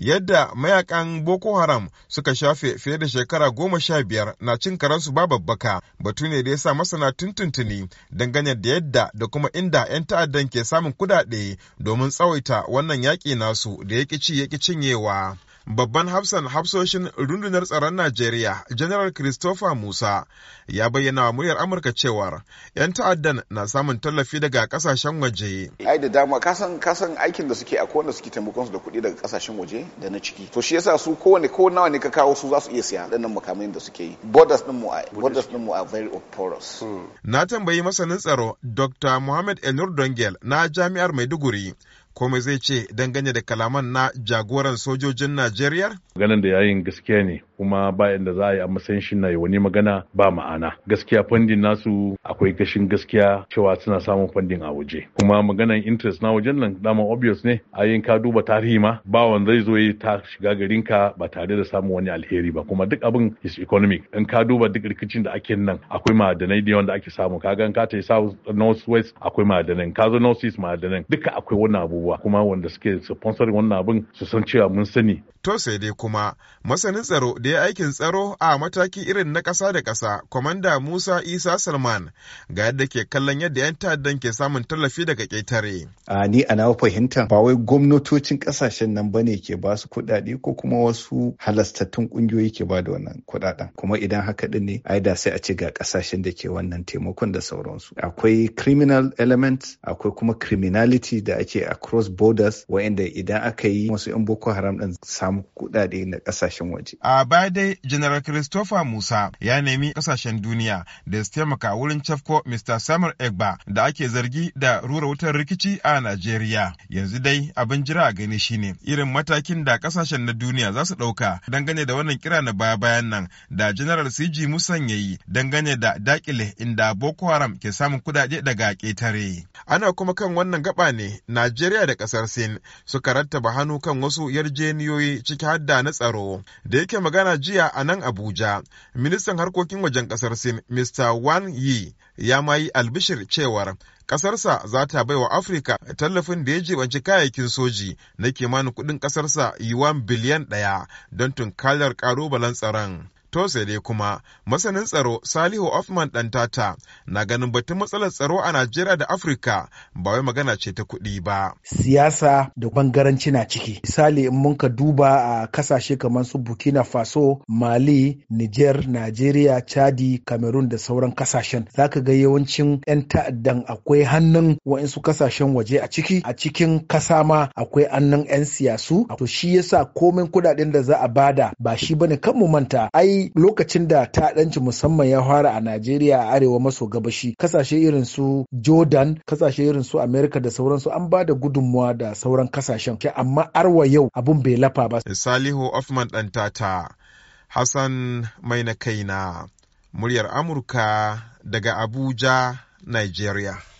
yadda mayakan Boko Haram suka shafe fiye da shekara goma sha biyar na cin karansu ba babbaka batu ne da ya sa masana tuntuntuni dangane da yadda da kuma inda 'yan ta'addan ke samun kudade domin tsawaita wannan yaƙi nasu da yaƙi ci yaƙi cinyewa. Babban hafsan hafsoshin rundunar tsaron Najeriya, General Christopher Musa, ya bayyana wa muryar Amurka cewar 'yan ta'addan na samun tallafi daga kasashen waje. Ai da dama kasan kasan aikin da suke a kowanne suke taimakon su da kuɗi daga kasashen waje da na ciki. To shi yasa su kowanne ko nawa ne ka kawo su za su iya siya dannan makamai da suke yi. Borders ɗin mu a borders ɗin mu a very porous. Na tambayi masanin tsaro Dr. Muhammad Elnur Dongel na Jami'ar Maiduguri komai zai ce dangane da kalaman na jagoran sojojin Najeriya? Maganan da yayin gaskiya ne kuma ba inda za a yi a matsayin shi na wani magana ba ma'ana. Gaskiya fandin nasu akwai gashin gaskiya cewa suna samun fandin a waje. Kuma maganan interest na wajen nan dama obvious ne a yin ka duba tarihi ma ba wanda zai zo yi ta shiga garin ka ba tare da samun wani alheri ba kuma duk abin is economic in ka duba duk rikicin da ake nan akwai ma'adanai da wanda ake samu ka ga ka ta south north west akwai ma'adanan ka zo north east ma'adanan duka akwai wannan abubuwa kuma wanda suke sponsoring wannan abin su san cewa mun sani To sai dai kuma masanin tsaro da ya aikin tsaro a mataki irin na ƙasa da ƙasa, kwamanda Musa Isa Salman ga yadda ke kallon yadda 'yan ta'addan ke samun tallafi daga ƙetare. A ni nawa fahimta ba wai gwamnatocin ƙasashen nan ba ne ke ba su kuɗaɗe ko kuma wasu halastattun ƙungiyoyi ke ba da wannan kuɗaɗen. Kuma idan haka ɗin ne ai da sai a ce ga ƙasashen da ke wannan taimakon da sauransu. Akwai criminal element, akwai kuma criminality da ake a cross borders wa'inda idan aka yi wasu 'yan Boko Haram ɗin samu samu na kasashen waje. A baya dai General Christopher Musa ya nemi ƙasashen duniya da su taimaka wurin cafko Mr. Samuel Egba da ake zargi da rura wutar rikici a Najeriya. Yanzu dai abin jira a gani shine irin matakin da ƙasashen na duniya za su ɗauka dangane da wannan kira na baya-bayan nan da General CG Musan ya yi dangane da dakile inda Boko Haram ke samun kuɗaɗe daga ƙetare. Ana kuma kan wannan gaba ne Najeriya da ƙasar Sin suka rattaba hannu kan wasu yarjeniyoyi ciki hadda na tsaro. Da yake magana jiya a nan Abuja, ministan harkokin wajen ƙasar Sin, Mr. Wang Yi, ya mayi albishir cewar ƙasarsa za ta baiwa Afirka tallafin da ya jibanci kayayyakin soji na kimanin kuɗin ƙasarsa yuwan biliyan ɗaya don tunkalar karubalan tsaron. To sai dai kuma masanin tsaro Salihu Othman Dantata na ganin batun matsalar tsaro a Najeriya da Afirka ba wai magana ce ta kuɗi ba. Siyasa da bangaranci na ciki. Misali in mun ka duba a kasashe kamar su Burkina Faso, Mali, Niger, Najeriya, Chadi, Cameroon da sauran kasashen. Za ka ga yawancin 'yan ta'addan akwai hannun wa'insu kasashen waje a ciki, a cikin kasa ma akwai hannun 'yan siyasu. To shi yasa komai kuɗaɗen da za a bada ba shi bane kan mu manta. Ai lokacin da ta ɗanci musamman ya fara a Najeriya a arewa maso gabashi kasashe irin su Jordan kasashe irin su America da sauransu an ba da gudunmuwa da sauran kasashen amma arwa yau abun bai lafa ba. Salihu ofman ɗanta tata Hassan Mai na kaina muryar Amurka daga Abuja, Nigeria.